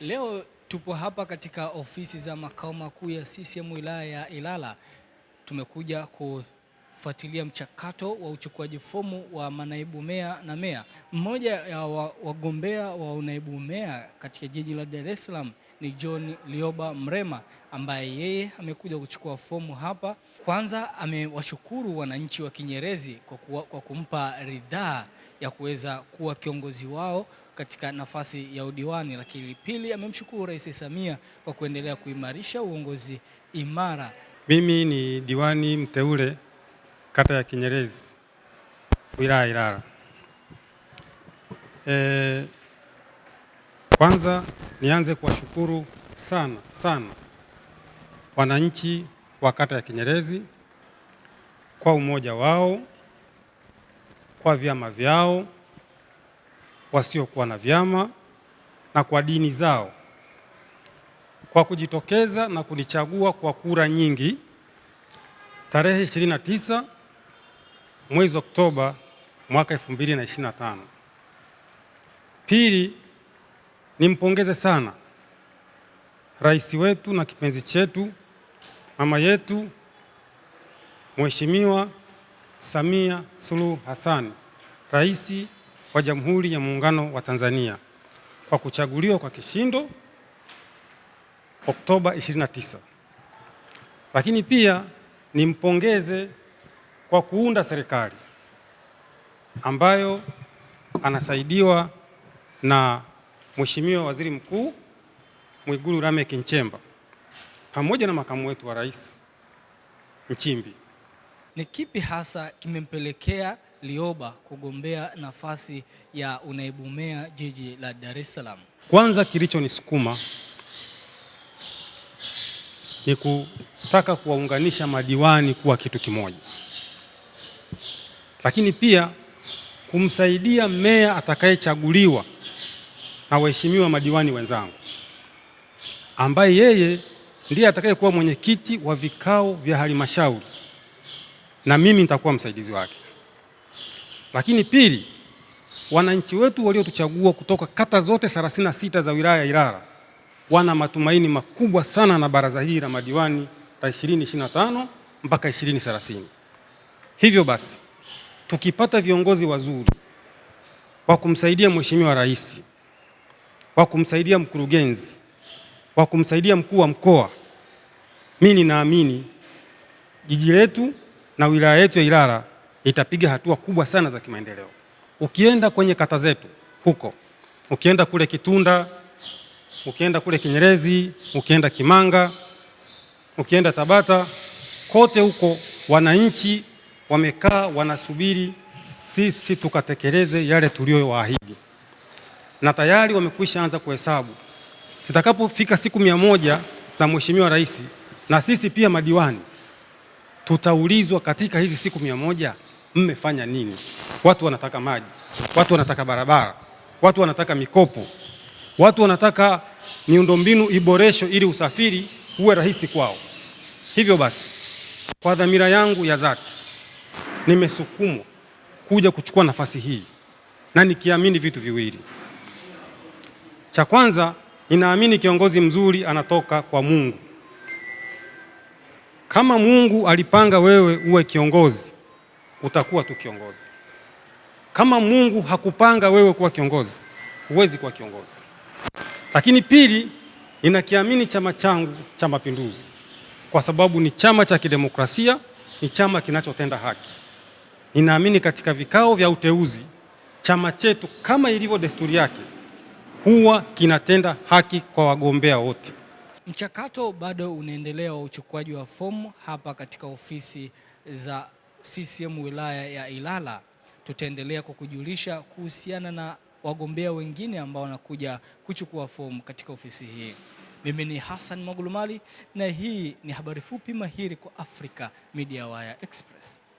Leo tupo hapa katika ofisi za makao makuu ya CCM wilaya ya Ilala. Tumekuja kufuatilia mchakato wa uchukuaji fomu wa manaibu meya na meya. Mmoja ya wagombea wa unaibu meya katika jiji la Dar es Salaam ni John Lioba Mrema ambaye yeye amekuja kuchukua fomu hapa. Kwanza amewashukuru wananchi wa Kinyerezi kwa, kuwa, kwa kumpa ridhaa ya kuweza kuwa kiongozi wao katika nafasi ya udiwani, lakini pili amemshukuru Rais Samia kwa kuendelea kuimarisha uongozi imara. Mimi ni diwani mteule kata ya Kinyerezi wilaya Ilala. E, kwanza nianze kuwashukuru sana sana wananchi wa kata ya Kinyerezi kwa umoja wao, kwa vyama vyao wasiokuwa na vyama na kwa dini zao kwa kujitokeza na kunichagua kwa kura nyingi tarehe 29 mwezi Oktoba mwaka 2025. Pili, nimpongeze sana rais wetu na kipenzi chetu mama yetu Mheshimiwa Samia Suluhu Hassan, rais wa Jamhuri ya Muungano wa Tanzania kwa kuchaguliwa kwa kishindo Oktoba 29. Lakini pia nimpongeze kwa kuunda serikali ambayo anasaidiwa na Mheshimiwa Waziri Mkuu Mwigulu Lameck Nchemba pamoja na makamu wetu wa rais Nchimbi. Ni kipi hasa kimempelekea Lioba kugombea nafasi ya unaibu meya jiji la Dar es Salaam. Kwanza kilichonisukuma ni kutaka kuwaunganisha madiwani kuwa kitu kimoja, lakini pia kumsaidia meya atakayechaguliwa na waheshimiwa madiwani wenzangu, ambaye yeye ndiye atakayekuwa mwenyekiti wa vikao vya halmashauri na mimi nitakuwa msaidizi wake. Lakini pili, wananchi wetu waliotuchagua kutoka kata zote 36 za wilaya ya Ilala wana matumaini makubwa sana na baraza hili la madiwani la 2025 mpaka 2030. Hivyo basi, tukipata viongozi wazuri wa kumsaidia Mheshimiwa Rais, wa kumsaidia mkurugenzi, wa kumsaidia mkuu wa mkoa, mimi ninaamini jiji letu na wilaya yetu ya Ilala itapiga hatua kubwa sana za kimaendeleo. Ukienda kwenye kata zetu huko, ukienda kule Kitunda, ukienda kule Kinyerezi, ukienda Kimanga, ukienda Tabata, kote huko wananchi wamekaa wanasubiri sisi tukatekeleze yale tuliyowaahidi, na tayari wamekwisha anza kuhesabu. Zitakapofika siku mia moja za Mheshimiwa Rais, na sisi pia madiwani tutaulizwa katika hizi siku mia moja mmefanya nini? Watu wanataka maji, watu wanataka barabara, watu wanataka mikopo, watu wanataka miundombinu iboresho ili usafiri uwe rahisi kwao. Hivyo basi, kwa dhamira yangu ya dhati, nimesukumwa kuja kuchukua nafasi hii na nikiamini vitu viwili. Cha kwanza, ninaamini kiongozi mzuri anatoka kwa Mungu. Kama Mungu alipanga wewe uwe kiongozi utakuwa tu kiongozi. Kama Mungu hakupanga wewe kuwa kiongozi, huwezi kuwa kiongozi. Lakini pili, ninakiamini chama changu cha Mapinduzi kwa sababu ni chama cha kidemokrasia, ni chama kinachotenda haki. Ninaamini katika vikao vya uteuzi, chama chetu kama ilivyo desturi yake huwa kinatenda haki kwa wagombea wote. Mchakato bado unaendelea wa uchukuaji wa fomu hapa katika ofisi za CCM wilaya ya Ilala, tutaendelea kukujulisha kuhusiana na wagombea wengine ambao wanakuja kuchukua fomu katika ofisi hii. Mimi ni Hassan Magulumali na hii ni habari fupi mahiri kwa afrika Media Wire Express.